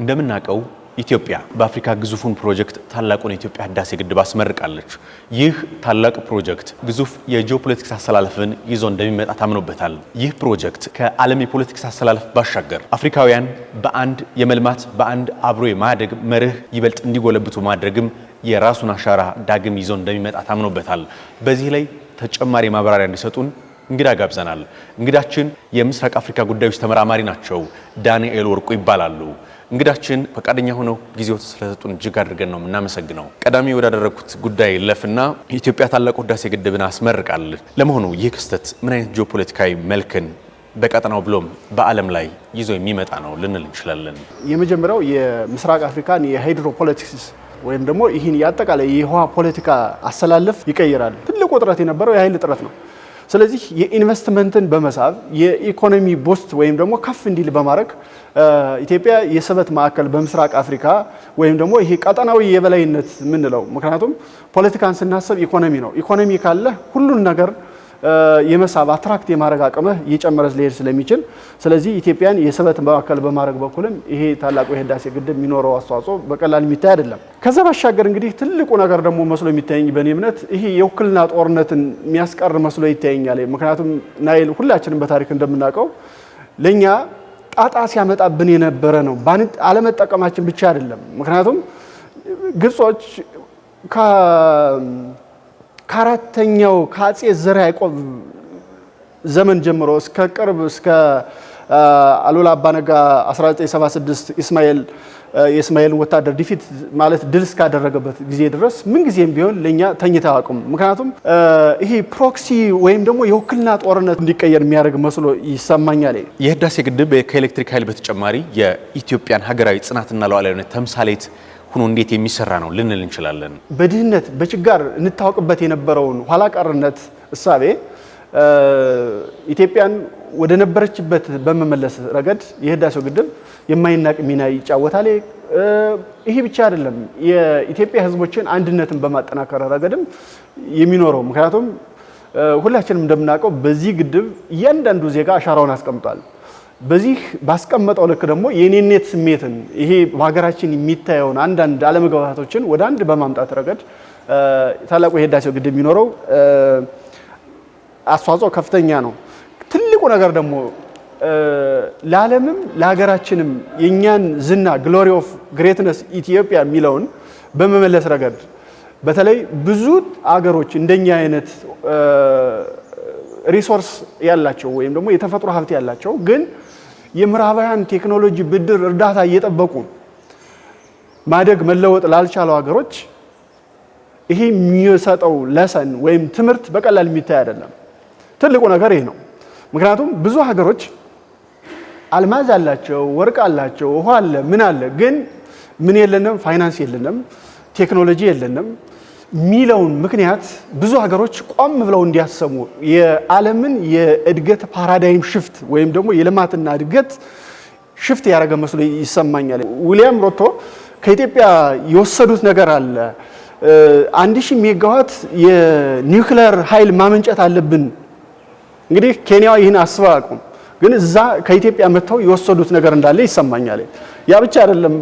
እንደምናውቀው ኢትዮጵያ በአፍሪካ ግዙፉን ፕሮጀክት ታላቁን የኢትዮጵያ ህዳሴ ግድብ አስመርቃለች። ይህ ታላቅ ፕሮጀክት ግዙፍ የጂኦፖለቲክስ አሰላለፍን ይዞ እንደሚመጣ ታምኖበታል። ይህ ፕሮጀክት ከዓለም የፖለቲክስ አሰላለፍ ባሻገር አፍሪካውያን በአንድ የመልማት በአንድ አብሮ የማደግ መርህ ይበልጥ እንዲጎለብቱ ማድረግም የራሱን አሻራ ዳግም ይዞ እንደሚመጣ ታምኖበታል። በዚህ ላይ ተጨማሪ ማብራሪያ እንዲሰጡን እንግዳ ጋብዘናል። እንግዳችን የምስራቅ አፍሪካ ጉዳዮች ተመራማሪ ናቸው። ዳንኤል ወርቁ ይባላሉ። እንግዳችን ፈቃደኛ ሆነው ጊዜው ስለሰጡን እጅግ አድርገን ነው የምናመሰግነው። ቀዳሚ ወዳደረግኩት ጉዳይ ለፍና ኢትዮጵያ ታላቁ ህዳሴ ግድብን አስመርቃል። ለመሆኑ ይህ ክስተት ምን አይነት ጂኦፖለቲካዊ መልክን በቀጠናው ብሎም በዓለም ላይ ይዞ የሚመጣ ነው ልንል እንችላለን? የመጀመሪያው የምስራቅ አፍሪካን የሃይድሮፖለቲክስ ወይም ደግሞ ይህን የአጠቃላይ የውሃ ፖለቲካ አሰላለፍ ይቀይራል። ትልቁ ጥረት የነበረው የኃይል ጥረት ነው። ስለዚህ የኢንቨስትመንትን በመሳብ የኢኮኖሚ ቦስት ወይም ደግሞ ከፍ እንዲል በማድረግ ኢትዮጵያ የስበት ማዕከል በምስራቅ አፍሪካ ወይም ደግሞ ይሄ ቀጠናዊ የበላይነት የምንለው ምክንያቱም ፖለቲካን ስናስብ ኢኮኖሚ ነው። ኢኮኖሚ ካለ ሁሉን ነገር የመሳብ አትራክት የማድረግ አቅመ እየጨመረ ሊሄድ ስለሚችል ስለዚህ ኢትዮጵያን የስበት ማዕከል በማድረግ በኩልም ይሄ ታላቁ የህዳሴ ግድብ የሚኖረው አስተዋጽኦ በቀላል የሚታይ አይደለም። ከዛ ባሻገር እንግዲህ ትልቁ ነገር ደግሞ መስሎ የሚታየኝ በእኔ እምነት ይሄ የውክልና ጦርነትን የሚያስቀር መስሎ ይታየኛል። ምክንያቱም ናይል ሁላችንም በታሪክ እንደምናውቀው ለእኛ ጣጣ ሲያመጣብን የነበረ ነው። አለመጠቀማችን ብቻ አይደለም። ምክንያቱም ግብጾች ከአራተኛው ከአጼ ዘርዓ ያዕቆብ ዘመን ጀምሮ እስከ ቅርብ እስከ አሉላ አባነጋ 1976 ኢስማኤል የእስማኤልን ወታደር ዲፊት ማለት ድል እስካደረገበት ጊዜ ድረስ ምንጊዜም ቢሆን ለእኛ ተኝታ አቁም። ምክንያቱም ይሄ ፕሮክሲ ወይም ደግሞ የውክልና ጦርነት እንዲቀየር የሚያደርግ መስሎ ይሰማኛል። የህዳሴ ግድብ ከኤሌክትሪክ ኃይል በተጨማሪ የኢትዮጵያን ሀገራዊ ጽናትና ሉዓላዊነት ተምሳሌት ሆኖ እንዴት የሚሰራ ነው ልንል እንችላለን። በድህነት በችጋር እንታወቅበት የነበረውን ኋላ ቀርነት እሳቤ ኢትዮጵያን ወደ ነበረችበት በመመለስ ረገድ የህዳሴው ግድብ የማይናቅ ሚና ይጫወታል። ይሄ ብቻ አይደለም፣ የኢትዮጵያ ህዝቦችን አንድነትን በማጠናከር ረገድም የሚኖረው ምክንያቱም ሁላችንም እንደምናውቀው በዚህ ግድብ እያንዳንዱ ዜጋ አሻራውን አስቀምጧል። በዚህ ባስቀመጠው ልክ ደግሞ የኔነት ስሜትን ይሄ በሀገራችን የሚታየውን አንዳንድ አለመግባባቶችን ወደ አንድ በማምጣት ረገድ ታላቁ የህዳሴው ግድብ የሚኖረው አስተዋጽኦ ከፍተኛ ነው። ትልቁ ነገር ደግሞ ለዓለምም ለሀገራችንም የእኛን ዝና ግሎሪ ኦፍ ግሬትነስ ኢትዮጵያ የሚለውን በመመለስ ረገድ በተለይ ብዙ አገሮች እንደኛ አይነት ሪሶርስ ያላቸው ወይም ደግሞ የተፈጥሮ ሀብት ያላቸው ግን የምዕራባውያን ቴክኖሎጂ ብድር እርዳታ እየጠበቁ ማደግ መለወጥ ላልቻለው ሀገሮች ይሄ የሚሰጠው ለሰን ወይም ትምህርት በቀላል የሚታይ አይደለም። ትልቁ ነገር ይህ ነው። ምክንያቱም ብዙ ሀገሮች አልማዝ አላቸው፣ ወርቅ አላቸው፣ ውሃ አለ፣ ምን አለ። ግን ምን የለንም? ፋይናንስ የለንም፣ ቴክኖሎጂ የለንም። ሚለውን ምክንያት ብዙ ሀገሮች ቆም ብለው እንዲያሰሙ የዓለምን የእድገት ፓራዳይም ሽፍት ወይም ደግሞ የልማትና እድገት ሽፍት ያደረገ መስሎ ይሰማኛል። ዊሊያም ሮቶ ከኢትዮጵያ የወሰዱት ነገር አለ። አንድ ሺህ ሜጋዋት የኒውክሌር ኃይል ማመንጨት አለብን። እንግዲህ ኬንያ ይህን አስበ አቁም፣ ግን እዛ ከኢትዮጵያ መጥተው የወሰዱት ነገር እንዳለ ይሰማኛል። ያ ብቻ አይደለም።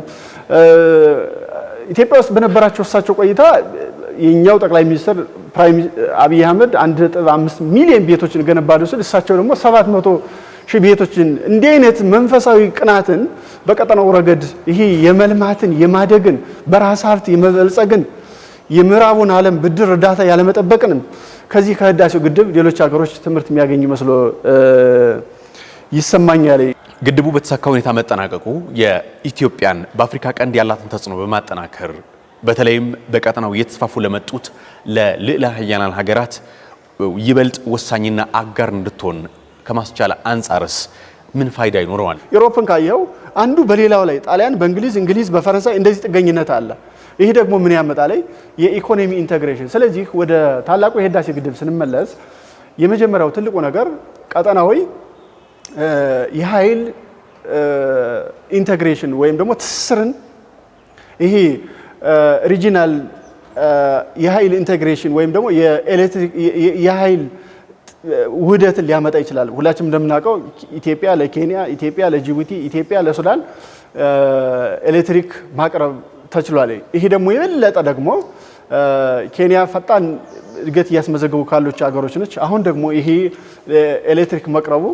ኢትዮጵያ ውስጥ በነበራቸው እሳቸው ቆይታ የኛው ጠቅላይ ሚኒስትር አብይ አህመድ 1.5 ሚሊዮን ቤቶችን ገነባ ሲል እሳቸው ደግሞ 700 ሺህ ቤቶችን እንዲህ አይነት መንፈሳዊ ቅናትን በቀጠናው ረገድ ይሄ የመልማትን የማደግን በራስ ሀብት የመበልጸግን የምዕራቡን ዓለም ብድር እርዳታ ያለመጠበቅንም ከዚህ ከህዳሴው ግድብ ሌሎች ሀገሮች ትምህርት የሚያገኙ መስሎ ይሰማኛል። ግድቡ በተሳካ ሁኔታ መጠናቀቁ የኢትዮጵያን በአፍሪካ ቀንድ ያላትን ተጽዕኖ በማጠናከር በተለይም በቀጠናው እየተስፋፉ ለመጡት ለልዕለ ኃያላን ሀገራት ይበልጥ ወሳኝና አጋር እንድትሆን ከማስቻል አንጻርስ ምን ፋይዳ ይኖረዋል? ዩሮፕን ካየኸው አንዱ በሌላው ላይ ጣሊያን በእንግሊዝ እንግሊዝ በፈረንሳይ እንደዚህ ጥገኝነት አለ። ይህ ደግሞ ምን ያመጣ ላይ የኢኮኖሚ ኢንቴግሬሽን። ስለዚህ ወደ ታላቁ የህዳሴ ግድብ ስንመለስ የመጀመሪያው ትልቁ ነገር ቀጠናዊ የኃይል ኢንቴግሬሽን ወይም ደግሞ ትስስርን ይሄ ሪጂናል የኃይል ኢንቴግሬሽን ወይም ደግሞ የኃይል ውህደትን ሊያመጣ ይችላል። ሁላችንም እንደምናውቀው ኢትዮጵያ ለኬንያ፣ ኢትዮጵያ ለጅቡቲ፣ ኢትዮጵያ ለሱዳን ኤሌክትሪክ ማቅረብ ተችሏል። ይሄ ደግሞ የበለጠ ደግሞ ኬንያ ፈጣን እድገት እያስመዘገቡ ካሉች ሀገሮች ነች። አሁን ደግሞ ይሄ ኤሌክትሪክ መቅረቡ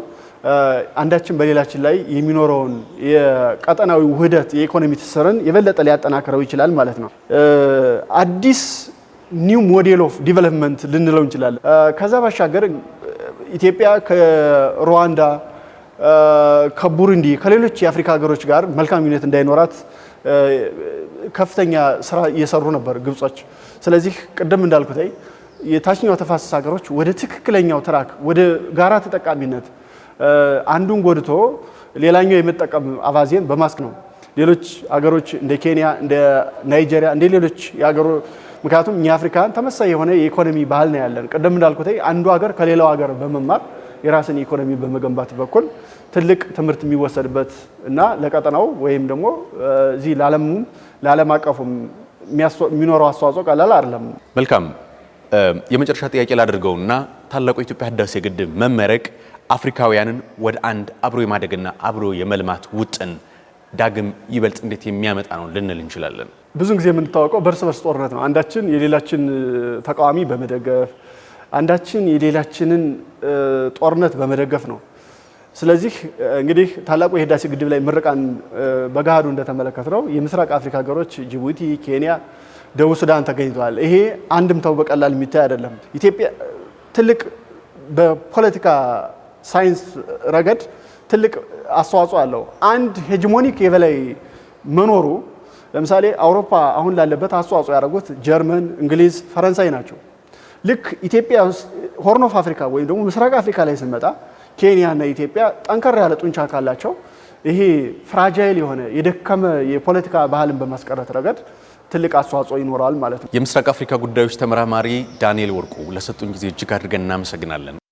አንዳችን በሌላችን ላይ የሚኖረውን የቀጠናዊ ውህደት የኢኮኖሚ ትስስርን የበለጠ ሊያጠናክረው ይችላል ማለት ነው። አዲስ ኒው ሞዴል ኦፍ ዲቨሎፕመንት ልንለው እንችላለን። ከዛ ባሻገር ኢትዮጵያ ከሩዋንዳ፣ ከቡሩንዲ፣ ከሌሎች የአፍሪካ ሀገሮች ጋር መልካም ግንኙነት እንዳይኖራት ከፍተኛ ስራ እየሰሩ ነበር ግብጾች። ስለዚህ ቅድም እንዳልኩት የታችኛው ተፋሰስ ሀገሮች ወደ ትክክለኛው ትራክ ወደ ጋራ ተጠቃሚነት አንዱን ጎድቶ ሌላኛው የመጠቀም አባዜን በማስክ ነው። ሌሎች ሀገሮች እንደ ኬንያ፣ እንደ ናይጄሪያ፣ እንደ ሌሎች የአገሩ ምክንያቱም እኛ አፍሪካን ተመሳሳይ የሆነ የኢኮኖሚ ባህል ነው ያለን። ቅድም እንዳልኩት አንዱ ሀገር ከሌላው ሀገር በመማር የራስን ኢኮኖሚ በመገንባት በኩል ትልቅ ትምህርት የሚወሰድበት እና ለቀጠናው ወይም ደግሞ እዚህ ለዓለሙም ለዓለም አቀፉም የሚኖረው አስተዋጽኦ ቀላል አይደለም። መልካም የመጨረሻ ጥያቄ ላድርገውና ታላቁ የኢትዮጵያ ህዳሴ ግድብ መመረቅ አፍሪካውያንን ወደ አንድ አብሮ የማደግና አብሮ የመልማት ውጥን ዳግም ይበልጥ እንዴት የሚያመጣ ነው ልንል እንችላለን? ብዙን ጊዜ የምንታወቀው በእርስ በርስ ጦርነት ነው። አንዳችን የሌላችን ተቃዋሚ በመደገፍ አንዳችን የሌላችንን ጦርነት በመደገፍ ነው ስለዚህ እንግዲህ ታላቁ የህዳሴ ግድብ ላይ ምርቃን በገሃዱ እንደተመለከት ነው የምስራቅ አፍሪካ ሀገሮች ጅቡቲ፣ ኬንያ፣ ደቡብ ሱዳን ተገኝተዋል። ይሄ አንድምታው በቀላል የሚታይ አይደለም። ኢትዮጵያ ትልቅ በፖለቲካ ሳይንስ ረገድ ትልቅ አስተዋጽኦ አለው። አንድ ሄጅሞኒክ የበላይ መኖሩ ለምሳሌ አውሮፓ አሁን ላለበት አስተዋጽኦ ያደረጉት ጀርመን፣ እንግሊዝ፣ ፈረንሳይ ናቸው። ልክ ኢትዮጵያ ሆርን ኦፍ አፍሪካ ወይም ደግሞ ምስራቅ አፍሪካ ላይ ስንመጣ ኬንያ እና ኢትዮጵያ ጠንከር ያለ ጡንቻ ካላቸው ይሄ ፍራጃይል የሆነ የደከመ የፖለቲካ ባህልን በማስቀረት ረገድ ትልቅ አስተዋጽኦ ይኖራል ማለት ነው። የምስራቅ አፍሪካ ጉዳዮች ተመራማሪ ዳንኤል ወርቁ ለሰጡን ጊዜ እጅግ አድርገን እናመሰግናለን።